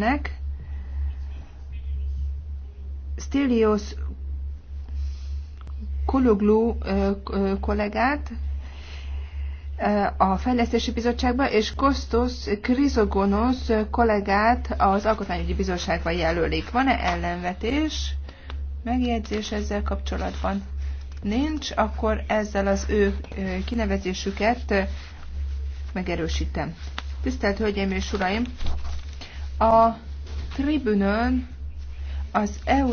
szerepelnek. Stelios Kologlu kollégát a Fejlesztési Bizottságba, és Kostos Krizogonos kollégát az Alkotmányügyi Bizottságba jelölik. Van-e ellenvetés, megjegyzés ezzel kapcsolatban? Nincs, akkor ezzel az ő kinevezésüket megerősítem. Tisztelt Hölgyeim és Uraim! A tribünön az EU